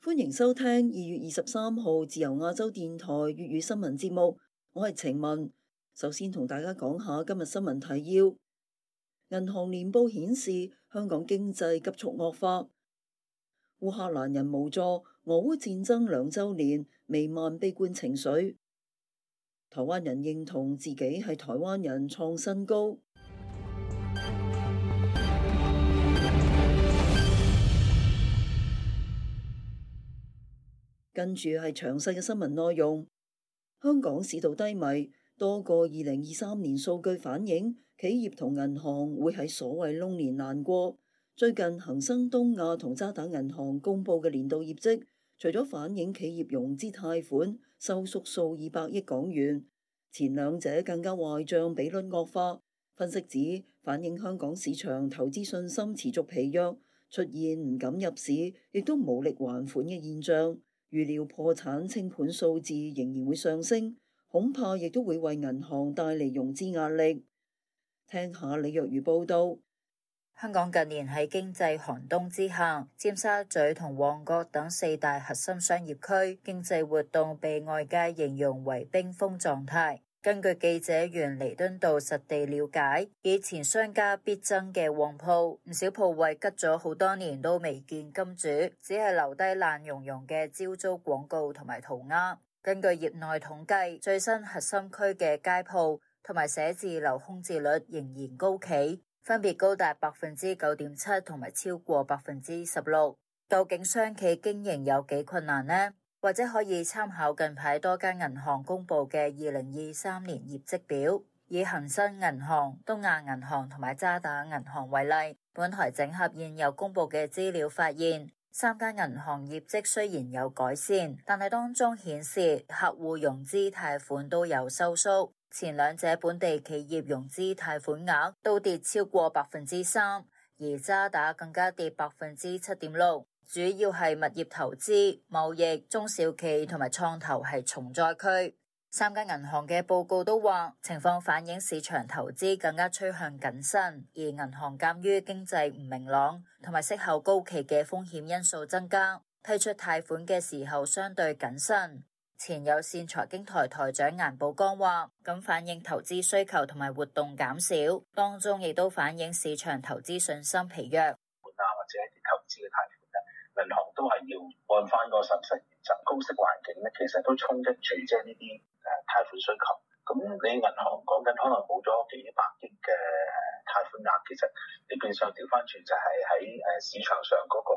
歡迎收聽二月二十三號自由亞洲電台粵語新聞節目，我係程文。首先同大家講下今日新聞提要：銀行年報顯示香港經濟急速惡化；烏克蘭人無助，俄烏戰爭兩周年瀰漫悲觀情緒；台灣人認同自己係台灣人創新高。跟住係詳細嘅新聞內容，香港市道低迷，多個二零二三年數據反映企業同銀行會喺所謂 Loan 年難過。最近恒生東亞同渣打銀行公布嘅年度業績，除咗反映企業融資貸款收縮數二百億港元，前兩者更加壞帳比率惡化。分析指反映香港市場投資信心持續疲弱，出現唔敢入市，亦都無力還款嘅現象。預料破產清盤數字仍然會上升，恐怕亦都會為銀行帶嚟融資壓力。聽下李若如報道。香港近年喺經濟寒冬之下，尖沙咀同旺角等四大核心商業區經濟活動被外界形容為冰封狀態。根據記者沿彌敦道實地了解，以前商家必爭嘅旺鋪，唔少鋪位吉咗好多年都未見金主，只係留低爛茸茸嘅招租廣告同埋塗鴉。根據業內統計，最新核心區嘅街鋪同埋寫字樓空置率仍然高企，分別高達百分之九點七同埋超過百分之十六。究竟商企經營有幾困難呢？或者可以參考近排多間銀行公布嘅二零二三年業績表，以恒生銀行、東亞銀行同埋渣打銀行為例。本台整合現有公布嘅資料，發現三間銀行業績雖然有改善，但係當中顯示客戶融資貸款都有收縮。前兩者本地企業融資貸款額都跌超過百分之三，而渣打更加跌百分之七點六。主要係物業投資、貿易、中小企同埋創投係重災區。三家銀行嘅報告都話，情況反映市場投資更加趨向謹慎，而銀行鑒於經濟唔明朗同埋息口高企嘅風險因素增加，批出貸款嘅時候相對謹慎。前有綫財經台台長顏寶剛話：咁反映投資需求同埋活動減少，當中亦都反映市場投資信心疲弱。都係要按翻個實質現實，高息環境咧，其實都衝擊住即係呢啲誒貸款需求。咁你銀行講緊可能冇咗幾百億嘅誒貸款額，其實你變相調翻轉就係喺誒市場上嗰個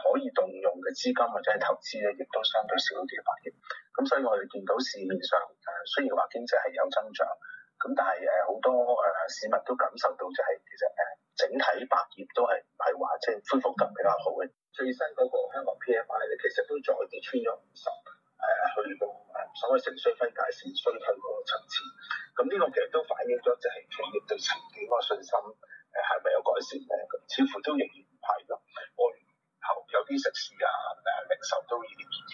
可以動用嘅資金或者係投資咧，亦都相對少咗幾百億。咁所以我哋見到市面上誒雖然話經濟係有增長。咁但係誒好多誒、呃、市民都感受到就係、是、其實誒、呃、整體百業都係唔係話即係恢復得比較好嘅。最新嗰個香港 P M I 咧，其實都再跌穿咗五十誒、呃，去到誒、呃、所謂盛衰分界線衰退嗰個層次。咁、嗯、呢、這個其實都反映咗就係企業對前景嗰個信心誒係咪有改善咧、嗯？似乎都仍然唔係咯。過、啊、年後有啲食肆啊誒、啊、零售都已經見。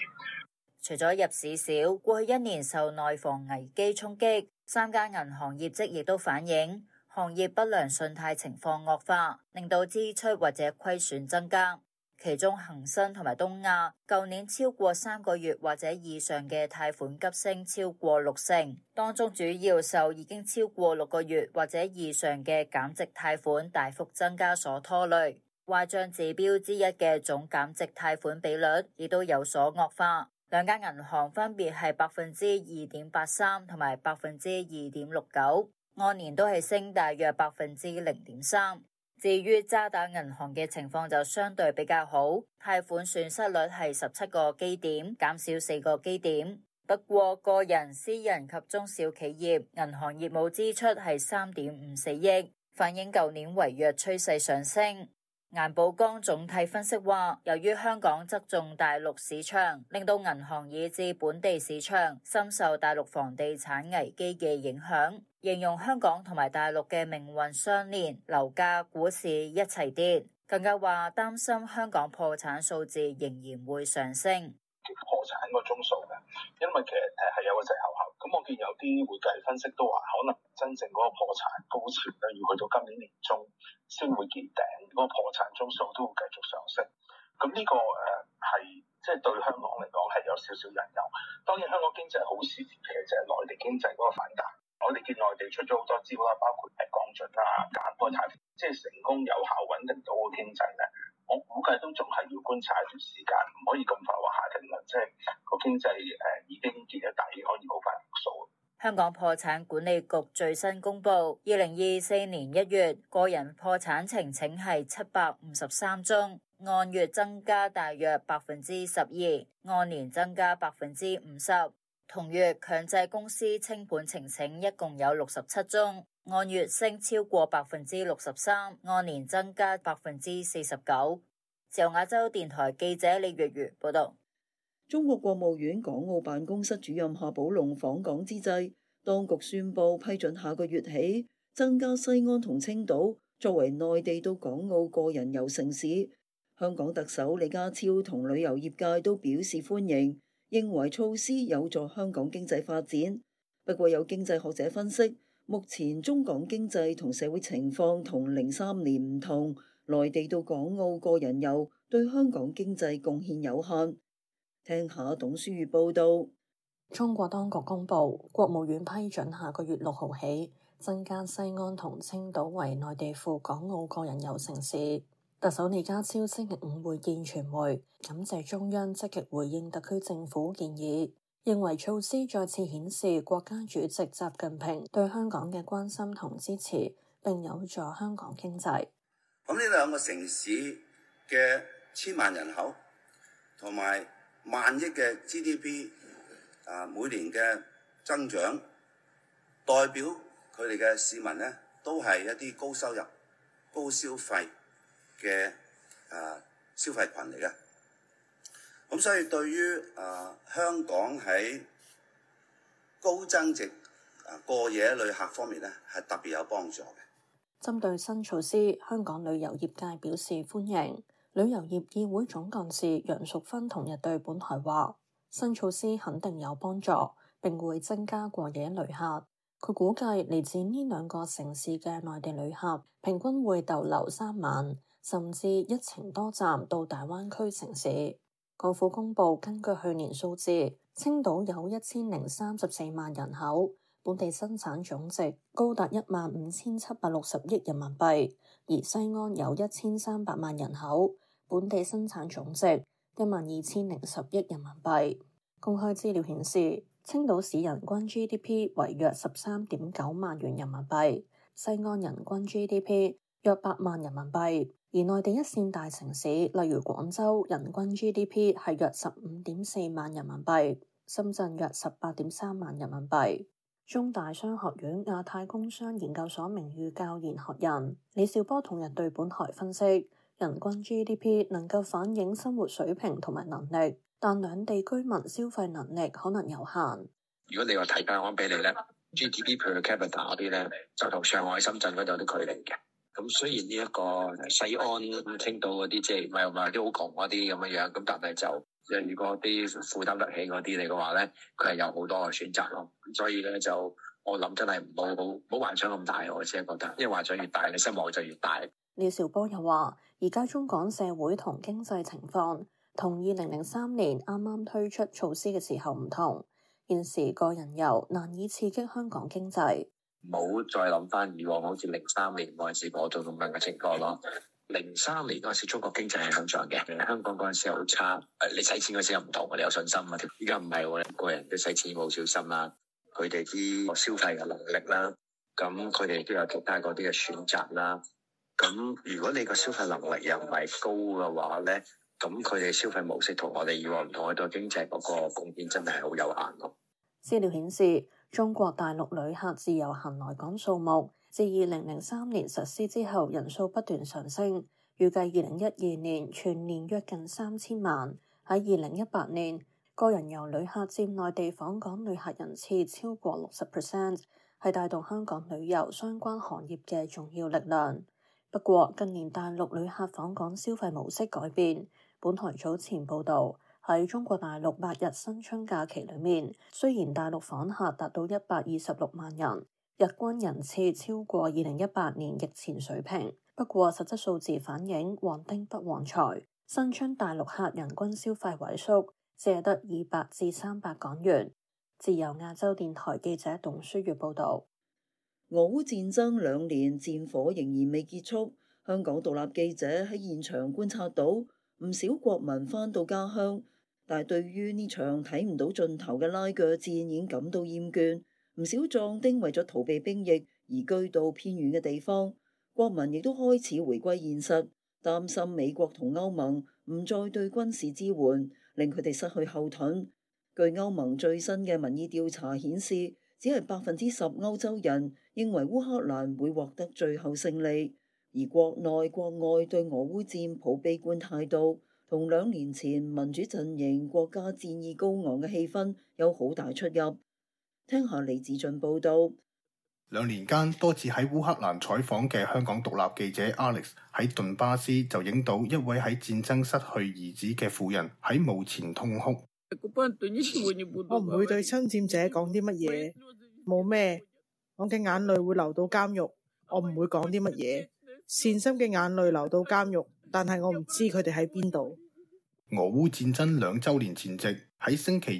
除咗入市少，過去一年受內房危機衝擊三家銀行業績亦都反映行業不良信貸情況惡化，令到支出或者虧損增加。其中，恒生同埋東亞舊年超過三個月或者以上嘅貸款急升超過六成，當中主要受已經超過六個月或者以上嘅減值貸款大幅增加所拖累。壞賬指標之一嘅總減值貸款比率亦都有所惡化。兩間銀行分別係百分之二點八三同埋百分之二點六九，按年都係升大約百分之零點三。至於渣打銀行嘅情況就相對比較好，貸款損失率係十七個基點，減少四個基點。不過個人、私人及中小企業銀行業務支出係三點五四億，反映舊年違約趨勢上升。顏寶剛總體分析話，由於香港側重大陸市場，令到銀行以至本地市場深受大陸房地產危機嘅影響，形容香港同埋大陸嘅命運相連，樓價、股市一齊跌，更加話擔心香港破產數字仍然會上升。產個宗數嘅，因為其實誒係有個滯後效，咁我見有啲會計分析都話，可能真正嗰個破產高潮咧，要去到今年年中先會見頂，嗰、那個破產宗數都會繼續上升，咁呢個誒係即係對香港嚟講係有少少隱憂。當然香港經濟好處，其實就係內地經濟嗰個反彈。我哋見內地出咗好多招啦，包括係降準啊、減貸，即、就、係、是、成功有效穩定到個經濟嘅。我估計都仲係要觀察一段時間，唔可以咁快話下定啦。即係個經濟誒已經見得底，可以好快復甦。香港破產管理局最新公布，二零二四年一月個人破產呈請係七百五十三宗，按月增加大約百分之十二，按年增加百分之五十。同月強制公司清盤呈請一共有六十七宗。按月升超過百分之六十三，按年增加百分之四十九。自由亞洲電台記者李月月報道。中國國務院港澳辦公室主任夏寶龍訪港之際，當局宣佈批准下個月起增加西安同青島作為內地到港澳個人遊城市。香港特首李家超同旅遊業界都表示歡迎，認為措施有助香港經濟發展。不過有經濟學者分析。目前中港經濟同社會情況同零三年唔同，內地到港澳個人遊對香港經濟貢獻有限。聽下董書月報道，中國當局公布，國務院批准下個月六號起增加西安同青島為內地赴港澳個人遊城市。特首李家超星期五會見傳媒，感謝中央積極回應特區政府建議。認為措施再次顯示國家主席習近平對香港嘅關心同支持，並有助香港經濟。咁呢兩個城市嘅千萬人口同埋萬億嘅 GDP，啊每年嘅增長，代表佢哋嘅市民咧都係一啲高收入、高消費嘅啊消費群嚟嘅。咁、嗯、所以對於啊、呃、香港喺高增值啊、呃、過夜旅客方面咧，係特別有幫助嘅。針對新措施，香港旅遊業界表示歡迎。旅遊業議會總幹事楊淑芬同日對本台話，新措施肯定有幫助，並會增加過夜旅客。佢估計嚟自呢兩個城市嘅內地旅客平均會逗留三晚，甚至一程多站到大灣區城市。國府公布，根據去年數字，青島有一千零三十四萬人口，本地生產總值高達一萬五千七百六十億人民幣；而西安有一千三百萬人口，本地生產總值一萬二千零十億人民幣。公開資料顯示，青島市人均 GDP 為約十三點九萬元人民幣，西安人均 GDP 約八萬人民幣。而內地一線大城市，例如廣州，人均 GDP 係約十五點四萬人民幣；深圳約十八點三萬人民幣。中大商學院亞太工商研究所名譽教研學人李兆波同人對本台分析：人均 GDP 能夠反映生活水平同埋能力，但兩地居民消費能力可能有限。如果你話睇翻比你咧 GDP per capita 嗰啲咧，就同上海、深圳嗰度有啲距離嘅。咁雖然呢一個西安、咁青島嗰啲即係唔係唔係啲好窮嗰啲咁樣樣，咁但係就即係如果啲負擔得起嗰啲嚟嘅話咧，佢係有好多嘅選擇咯。所以咧就我諗真係唔好冇幻想咁大，我只係覺得，因為幻想越大，你失望就越大。廖兆波又話：而家中港社會同經濟情況同二零零三年啱啱推出措施嘅時候唔同，現時個人遊難以刺激香港經濟。冇再諗翻以往好似零三年嗰陣時嗰種咁樣嘅情況咯。零三年嗰陣時，中國經濟係向上嘅，香港嗰陣時好差。你使錢嗰陣時又唔同，我哋有信心啊。依家唔係喎，每個人都使錢好小心啦。佢哋啲消費嘅能力啦，咁佢哋都有其他嗰啲嘅選擇啦。咁如果你個消費能力又唔係高嘅話咧，咁佢哋消費模式同我哋以往唔同，佢對經濟嗰個貢獻真係係好有限咯。資料顯示。中國大陸旅客自由行來港數目，自二零零三年實施之後，人數不斷上升。預計二零一二年全年約近三千萬。喺二零一八年，個人遊旅客佔內地訪港旅客人次超過六十 percent，係帶動香港旅遊相關行業嘅重要力量。不過，近年大陸旅客訪港消費模式改變。本台早前報道。喺中國大陸八日新春假期裏面，雖然大陸訪客達到一百二十六萬人，日均人次超過二零一八年疫前水平，不過實質數字反映旺丁不旺財。新春大陸客人均消費萎縮，借得二百至三百港元。自由亞洲電台記者董書月報導，俄烏戰爭兩年戰火仍然未結束，香港獨立記者喺現場觀察到，唔少國民返到家鄉。但係，對於呢場睇唔到盡頭嘅拉鋸戰已經感到厭倦，唔少壯丁為咗逃避兵役而居到偏遠嘅地方，國民亦都開始回歸現實，擔心美國同歐盟唔再對軍事支援，令佢哋失去後盾。據歐盟最新嘅民意調查顯示，只係百分之十歐洲人認為烏克蘭會獲得最後勝利，而國內國外對俄烏戰抱悲觀態度。同兩年前民主陣營國家戰意高昂嘅氣氛有好大出入。聽下李子俊報道。兩年間多次喺烏克蘭採訪嘅香港獨立記者 Alex 喺頓巴斯就影到一位喺戰爭失去兒子嘅婦人喺墓前痛哭。我唔會對侵佔者講啲乜嘢，冇咩。我嘅眼淚會流到監獄，我唔會講啲乜嘢，善心嘅眼淚流到監獄。但係我唔知佢哋喺邊度。俄烏戰爭兩週年前夕，喺星期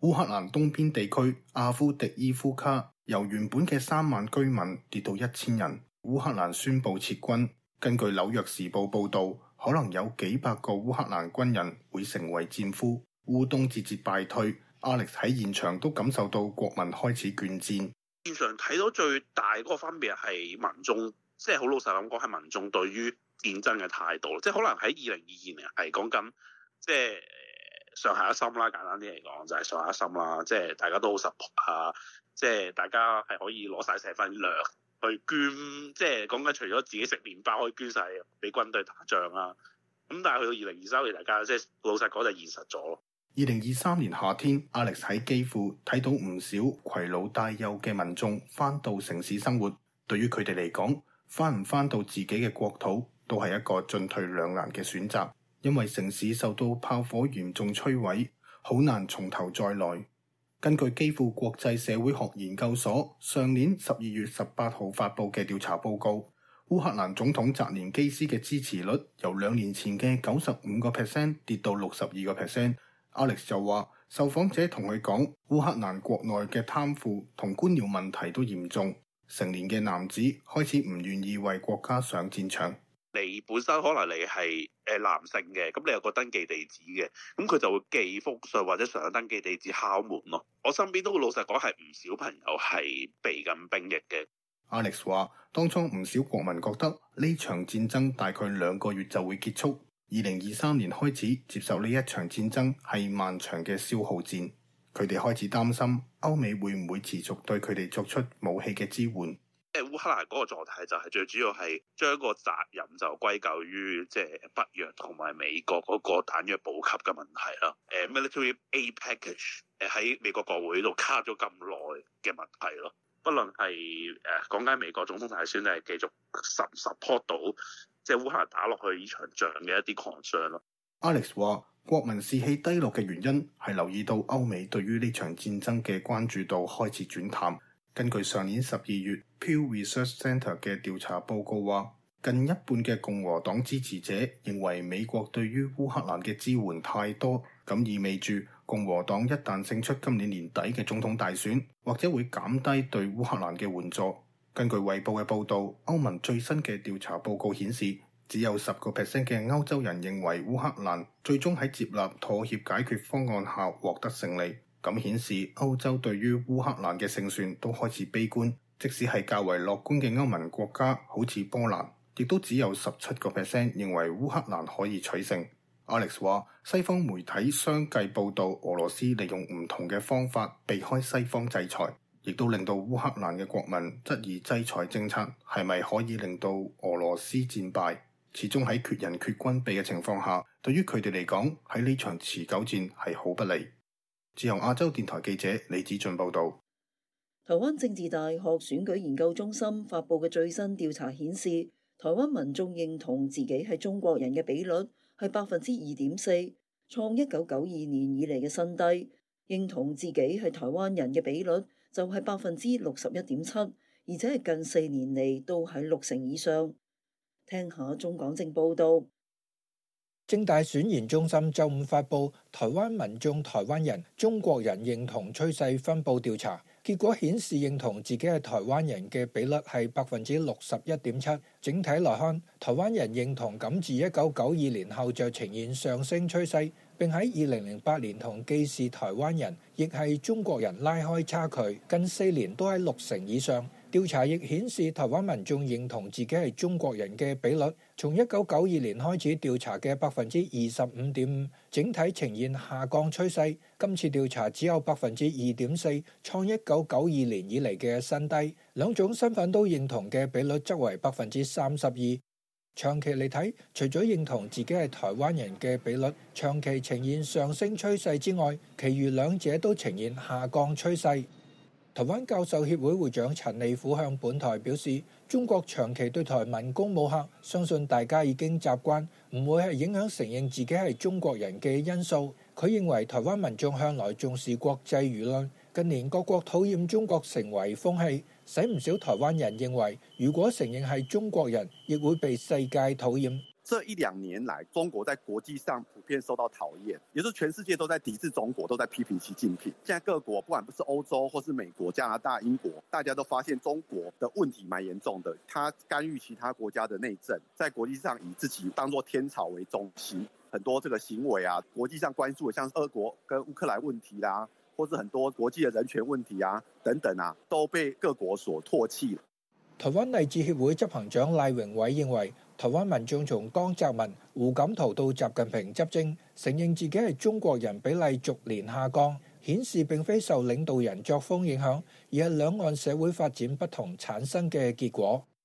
二，烏克蘭東邊地區阿夫迪伊夫卡由原本嘅三萬居民跌到一千人。烏克蘭宣布撤軍。根據紐約時報報導，可能有幾百個烏克蘭軍人會成為戰俘。烏冬節節敗退，Alex 喺現場都感受到國民開始倦戰。現場睇到最大嗰個分別係民眾，即係好老實咁講，係民眾對於。戰爭嘅態度即係可能喺二零二二年係講緊，即係上下一心啦。簡單啲嚟講，就係上下一心啦。即係大家都好實啊，即係大家係可以攞晒成份糧去捐，即係講緊除咗自己食麪包，可以捐晒俾軍隊打仗啦。咁但係去到二零二三年，大家即係老實講就現實咗咯。二零二三年夏天，阿力喺基庫睇到唔少攜老帶幼嘅民眾翻到城市生活，對於佢哋嚟講，翻唔翻到自己嘅國土，都係一個進退兩難嘅選擇，因為城市受到炮火嚴重摧毀，好難從頭再來。根據基輔國際社會學研究所上年十二月十八號發布嘅調查報告，烏克蘭總統澤連基斯嘅支持率由兩年前嘅九十五個 percent 跌到六十二個 percent。Alex 就話，受訪者同佢講，烏克蘭國內嘅貪腐同官僚問題都嚴重，成年嘅男子開始唔願意為國家上戰場。你本身可能你係誒男性嘅，咁你有個登記地址嘅，咁佢就會寄封信或者上登記地址敲門咯。我身邊都老實講，係唔少朋友係避緊兵役嘅。Alex 話，當初唔少國民覺得呢場戰爭大概兩個月就會結束。二零二三年開始接受呢一場戰爭係漫長嘅消耗戰，佢哋開始擔心歐美會唔會持續對佢哋作出武器嘅支援。即係烏克蘭嗰個狀態就係最主要係將個責任就歸咎於即係北約同埋美國嗰個彈藥補給嘅問題啦。誒、uh,，Military A Package 誒喺美國國會度卡咗咁耐嘅問題咯。不論係誒講緊美國總統大選定係繼續 support 到即係烏克蘭打落去呢場仗嘅一啲狂傷咯。Alex 話國民士氣低落嘅原因係留意到歐美對於呢場戰爭嘅關注度開始轉淡。根據上年十二月 Pew Research Center 嘅調查報告話，近一半嘅共和黨支持者認為美國對於烏克蘭嘅支援太多，咁意味住共和黨一旦勝出今年年底嘅總統大選，或者會減低對烏克蘭嘅援助。根據《衛報》嘅報導，歐盟最新嘅調查報告顯示，只有十個 percent 嘅歐洲人認為烏克蘭最終喺接納妥協解決方案下獲得勝利。咁顯示歐洲對於烏克蘭嘅勝算都開始悲觀，即使係較為樂觀嘅歐盟國家，好似波蘭，亦都只有十七個 percent 認為烏克蘭可以取勝。Alex 話，西方媒體相繼報道俄羅斯利用唔同嘅方法避開西方制裁，亦都令到烏克蘭嘅國民質疑制裁政策係咪可以令到俄羅斯戰敗。始終喺缺人缺軍備嘅情況下，對於佢哋嚟講喺呢場持久戰係好不利。自由亞洲電台記者李子俊報道，台灣政治大學選舉研究中心發布嘅最新調查顯示，台灣民眾認同自己係中國人嘅比率係百分之二點四，創一九九二年以嚟嘅新低。認同自己係台灣人嘅比率就係百分之六十一點七，而且係近四年嚟都喺六成以上。聽下鍾廣政報道。正大選言中心周五發佈台灣民眾台灣人中國人認同趨勢分布調查，結果顯示認同自己係台灣人嘅比率係百分之六十一點七。整體來看，台灣人認同感自一九九二年後就呈現上升趨勢。並喺二零零八年同既是台灣人，亦係中國人拉開差距，近四年都喺六成以上。調查亦顯示台灣民眾認同自己係中國人嘅比率，從一九九二年開始調查嘅百分之二十五點五，整體呈現下降趨勢。今次調查只有百分之二點四，創一九九二年以嚟嘅新低。兩種身份都認同嘅比率則為百分之三十二。長期嚟睇，除咗認同自己係台灣人嘅比率長期呈現上升趨勢之外，其餘兩者都呈現下降趨勢。台灣教授協會會長陳利虎向本台表示，中國長期對台文攻武嚇，相信大家已經習慣，唔會係影響承認自己係中國人嘅因素。佢認為台灣民眾向來重視國際輿論。近年各國討厭中國成為風氣，使唔少台灣人認為，如果承認係中國人，亦會被世界討厭。這一兩年來，中國在國際上普遍受到討厭，也就是全世界都在抵制中國，都在批評習近平。現在各國不管不是歐洲，或是美國、加拿大、英國，大家都發現中國的問題蠻嚴重的。他干預其他國家的內政，在國際上以自己當作天朝為中心。很多這個行為啊，國際上關注的，像俄國跟烏克蘭問題啦、啊。或者很多國際嘅人權問題啊，等等啊，都被各國所唾棄。台灣勵志協會執行長賴榮偉認為，台灣民眾從江澤民、胡錦濤到習近平執政，承認自己係中國人比例逐年下降，顯示並非受領導人作風影響，而係兩岸社會發展不同產生嘅結果。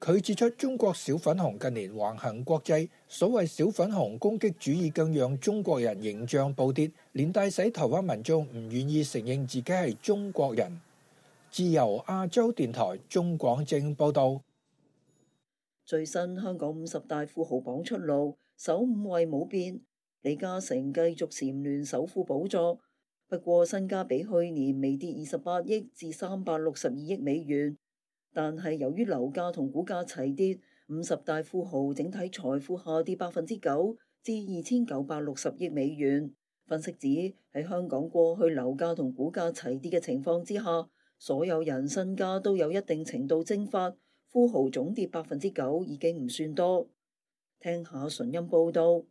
佢指出，中國小粉紅近年橫行國際，所謂小粉紅攻擊主義更讓中國人形象暴跌，連帶使台灣民眾唔願意承認自己係中國人。自由亞洲電台中廣正報道，最新香港五十大富豪榜出爐，首五位冇變，李嘉誠繼續蟬聯首富寶座，不過身家比去年微跌二十八億至三百六十二億美元。但係由於樓價同股價齊跌，五十大富豪整體財富下跌百分之九，至二千九百六十億美元。分析指喺香港過去樓價同股價齊跌嘅情況之下，所有人身家都有一定程度蒸發，富豪總跌百分之九已經唔算多。聽下順音報道，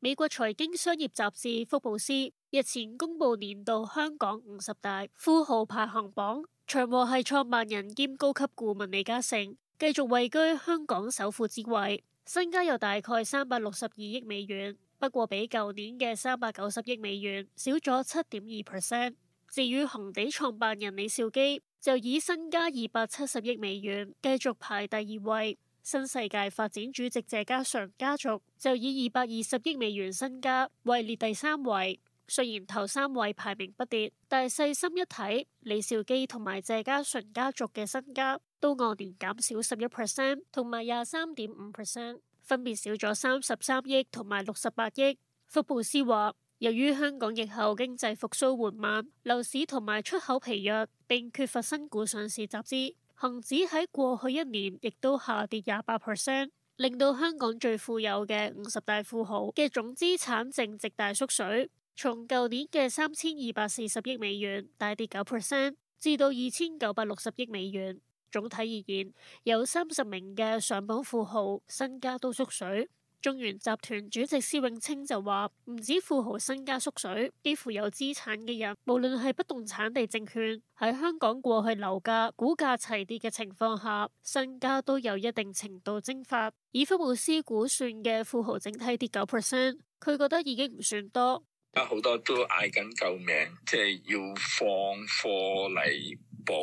美國財經商業雜誌福布斯日前公佈年度香港五十大富豪排行榜。長和系創辦人兼高級顧問李嘉誠繼續位居香港首富之位，身家有大概三百六十二億美元，不過比舊年嘅三百九十億美元少咗七點二%，至於恒地創辦人李兆基就以身家二百七十億美元繼續排第二位，新世界發展主席鄭家純家族就以二百二十億美元身家位列第三位。雖然頭三位排名不跌，但係細心一睇，李兆基同埋謝家純家族嘅身家都按年減少十一 percent，同埋廿三點五 percent，分別少咗三十三億同埋六十八億。福布斯話，由於香港疫後經濟復蘇緩慢，樓市同埋出口疲弱，並缺乏新股上市集資，恒指喺過去一年亦都下跌廿八 percent，令到香港最富有嘅五十大富豪嘅總資產淨值大縮水。從舊年嘅三千二百四十億美元大跌九 percent，至到二千九百六十億美元。總體而言，有三十名嘅上榜富豪身家都縮水。中原集團主席施永青就話：唔止富豪身家縮水，幾乎有資產嘅人，無論係不動產、地證券，喺香港過去樓價、股價齊跌嘅情況下，身家都有一定程度蒸發。以福布斯估算嘅富豪整體跌九 percent，佢覺得已經唔算多。家好多都嗌緊救命，即係要放貨嚟，補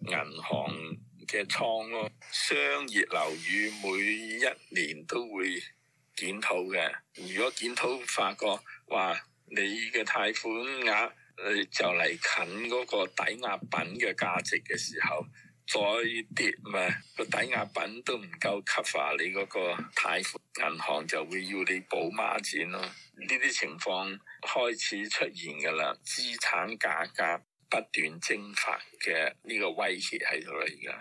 銀行嘅倉咯。商業樓宇每一年都會檢討嘅，如果檢討發覺話你嘅貸款額你就嚟近嗰個抵押品嘅價值嘅時候，再跌咪個抵押品都唔夠 cover 你嗰個貸款，銀行就會要你補孖展咯。呢啲情況。開始出現噶啦，資產價格不斷蒸發嘅呢個威脅喺度嚟㗎。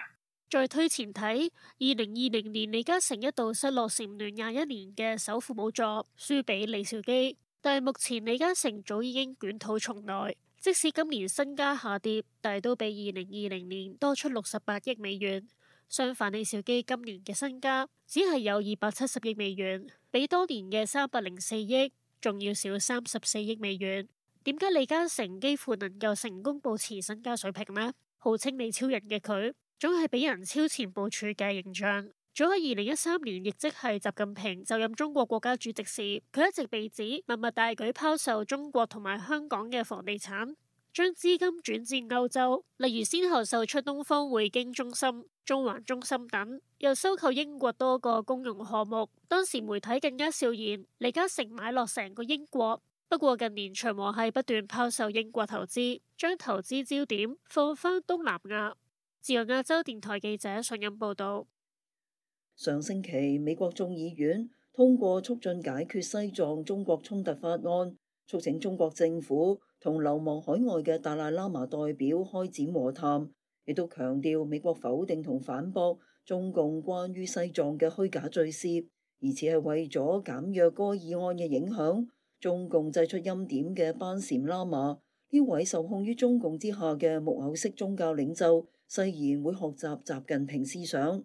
再推前睇，二零二零年李嘉誠一度失落蟬聯廿一年嘅首富寶座，輸俾李兆基。但係目前李嘉誠早已經捲土重來，即使今年身家下跌，但係都比二零二零年多出六十八億美元。相反，李兆基今年嘅身家只係有二百七十億美元，比當年嘅三百零四億。仲要少三十四億美元，點解李嘉誠幾乎能夠成功保持身家水平呢？號稱李超人嘅佢，總係俾人超前部署嘅形象。早喺二零一三年，亦即係習近平就任中國國家主席時，佢一直被指默默大舉拋售中國同埋香港嘅房地產。將資金轉至歐洲，例如先後售出東方匯經中心、中環中心等，又收購英國多個公用項目。當時媒體更加笑言李嘉誠買落成個英國。不過近年，長和系不斷拋售英國投資，將投資焦點放翻東南亞。自由亞洲電台記者信音報道：上星期美國眾議院通過促進解決西藏中國衝突法案，促請中國政府。同流亡海外嘅達賴喇嘛代表開展和談，亦都強調美國否定同反駁中共關於西藏嘅虛假敘事，而且係為咗減弱該議案嘅影響，中共祭出欽點嘅班禪喇嘛，呢位受控於中共之下嘅木偶式宗教領袖，誓言會學習習近平思想。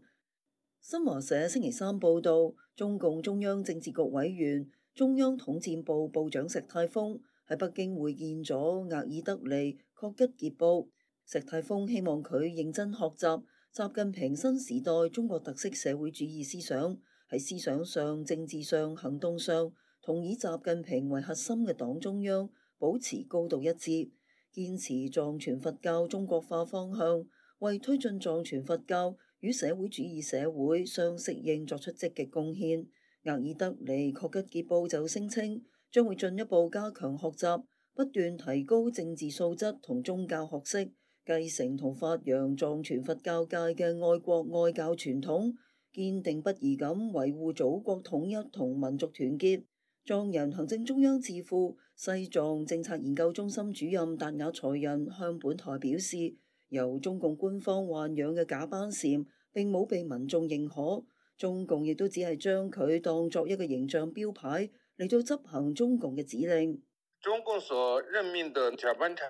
新華社星期三報道，中共中央政治局委員、中央統戰部部長石泰峰。喺北京會見咗額爾德尼·確吉傑布，石泰峰希望佢認真學習習近平新時代中國特色社會主義思想，喺思想上、政治上、行動上同以習近平為核心嘅黨中央保持高度一致，堅持藏傳佛教中國化方向，為推進藏傳佛教與社會主義社會相適應作出積極貢獻。額爾德尼·確吉傑布就聲稱。將會進一步加強學習，不斷提高政治素質同宗教學識，繼承同發揚藏傳佛教界嘅愛國愛教傳統，堅定不移咁維護祖國統一同民族團結。藏人行政中央智庫西藏政策研究中心主任達瓦才仁向本台表示，由中共官方豢養嘅假班禪並冇被民眾認可，中共亦都只係將佢當作一個形象標牌。嚟到執行中共嘅指令，中共所任命嘅假班禪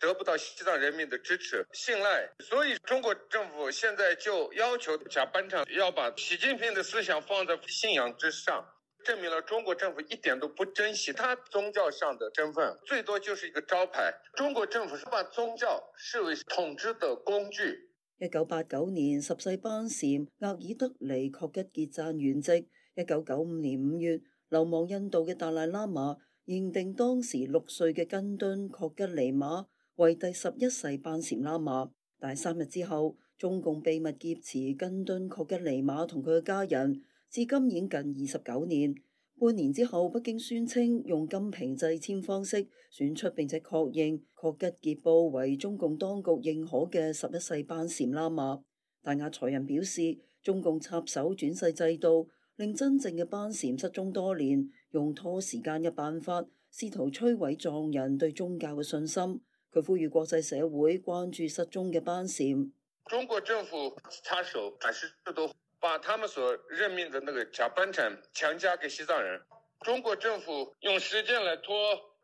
得不到西藏人民嘅支持信賴，所以中國政府現在就要求假班禪要把習近平嘅思想放在信仰之上，證明了中國政府一點都不珍惜他宗教上嘅身份，最多就是一個招牌。中國政府是把宗教視為統治的工具。一九八九年，十世班禪額爾德尼確吉傑贊圓寂。一九九五年五月，流亡印度嘅達賴喇嘛認定當時六歲嘅根敦確吉尼瑪為第十一世班禪喇嘛。第三日之後，中共秘密劫持根敦確吉尼瑪同佢嘅家人，至今已近二十九年。半年之後，北京宣稱用金瓶掣籤方式選出並且確認確吉傑布為中共當局認可嘅十一世班禪喇嘛。但亞財人表示，中共插手轉世制度。令真正嘅班禪失蹤多年，用拖時間嘅辦法，試圖摧毀藏人對宗教嘅信心。佢呼籲國際社會關注失蹤嘅班禪。中國政府插手，還是制度，把他們所任命嘅那個假班禪強加給西藏人。中國政府用時間來拖，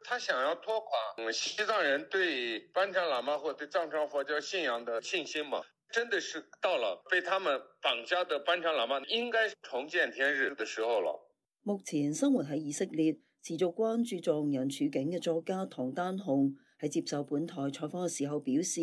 他想要拖垮西藏人對班禪喇嘛或對藏傳佛教信仰的信心嘛？真的是到了被他們綁架的班禪喇嘛應該重見天日的時候了。目前生活喺以色列、持續關注藏人處境嘅作家唐丹紅喺接受本台採訪嘅時候表示，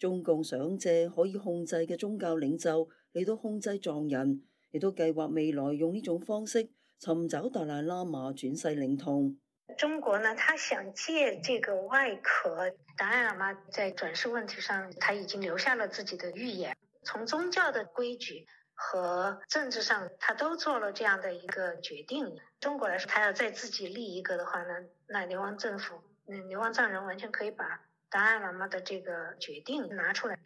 中共想借可以控制嘅宗教領袖嚟到控制藏人，亦都計劃未來用呢種方式尋找達賴喇嘛轉世靈童。中國呢？他想借這個外殼。達賴喇嘛在轉世問題上，他已經留下了自己的預言。從宗教的規矩和政治上，他都做了這樣的一個決定。中國來說，他要再自己立一個的話呢？那流亡政府，那流亡藏人完全可以把達賴喇嘛的這個決定拿出來。二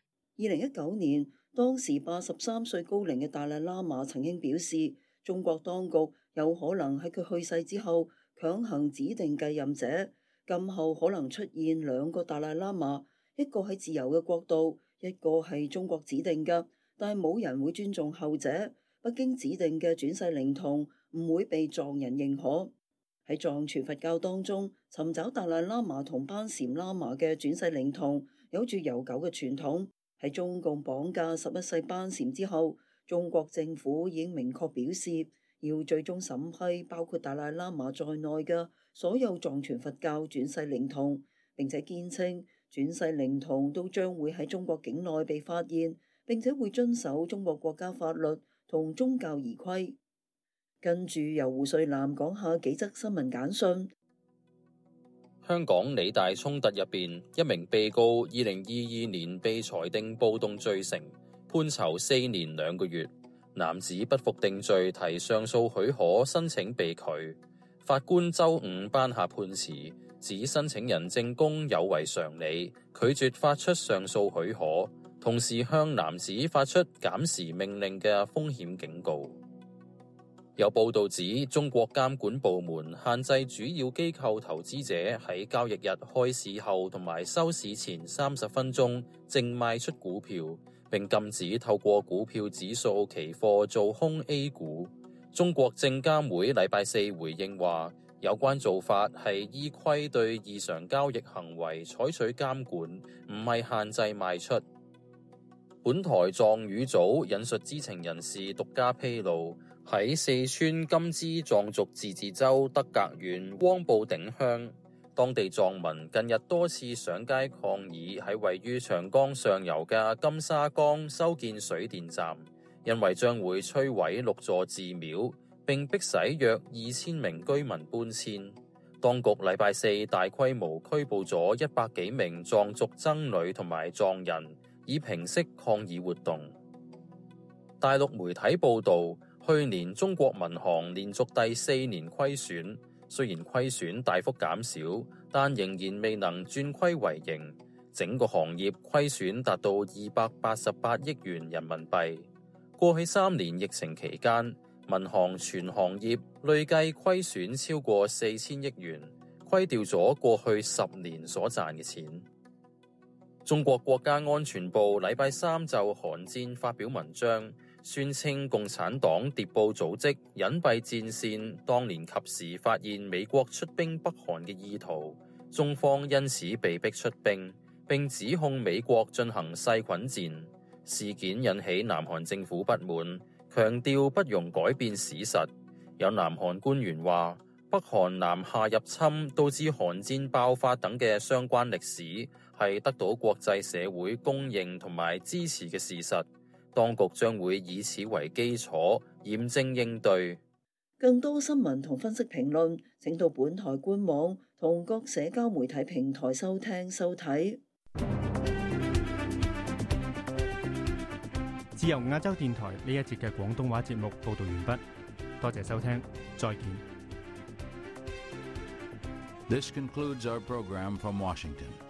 零一九年，當時八十三歲高齡嘅達賴喇嘛曾經表示，中國當局有可能喺佢去世之後。強行指定繼任者，今後可能出現兩個達賴喇嘛，一個喺自由嘅國度，一個係中國指定嘅，但係冇人會尊重後者。北京指定嘅轉世靈童唔會被藏人認可。喺藏傳佛教當中，尋找達賴喇嘛同班禪喇嘛嘅轉世靈童有住悠久嘅傳統。喺中共綁架十一世班禪之後，中國政府已經明確表示。要最終審批包括達賴喇嘛在內嘅所有藏傳佛教轉世靈童，並且堅稱轉世靈童都將會喺中國境內被發現，並且會遵守中國國家法律同宗教儀規。跟住由胡瑞南講下幾則新聞簡訊。香港理大衝突入邊，一名被告二零二二年被裁定暴動罪成，判囚四年兩個月。男子不服定罪，提上訴許可申請被拒。法官周五頒下判詞，指申請人證供有違常理，拒絕發出上訴許可，同時向男子發出減時命令嘅風險警告。有報道指，中國監管部門限制主要機構投資者喺交易日開市後同埋收市前三十分鐘淨賣出股票。並禁止透過股票指數期貨做空 A 股。中國證監會禮拜四回應話，有關做法係依規對異常交易行為採取監管，唔係限制賣出。本台藏語組引述知情人士獨家披露，喺四川甘孜藏族自治州德格縣汪布頂鄉。當地藏民近日多次上街抗議，喺位於長江上游嘅金沙江修建水電站，因為將會摧毀六座寺廟，並迫使約二千名居民搬遷。當局禮拜四大規模拘捕咗一百幾名藏族僧侶同埋藏人，以平息抗議活動。大陸媒體報導，去年中國民航連續第四年虧損。雖然虧損大幅減少，但仍然未能轉虧為盈。整個行業虧損達到二百八十八億元人民幣。過去三年疫情期間，民航全行業累計虧損超過四千億元，虧掉咗過去十年所賺嘅錢。中國國家安全部禮拜三就寒戰發表文章。宣稱共產黨諜報組織隱蔽戰線當年及時發現美國出兵北韓嘅意圖，中方因此被逼出兵，並指控美國進行細菌戰。事件引起南韓政府不滿，強調不容改變史實。有南韓官員話，北韓南下入侵導致韓戰爆發等嘅相關歷史係得到國際社會公認同埋支持嘅事實。當局將會以此為基礎驗證應對。更多新聞同分析評論，請到本台官網同各社交媒體平台收聽收睇。自由亞洲電台呢一節嘅廣東話節目報道完畢，多謝收聽，再見。This concludes our program from Washington.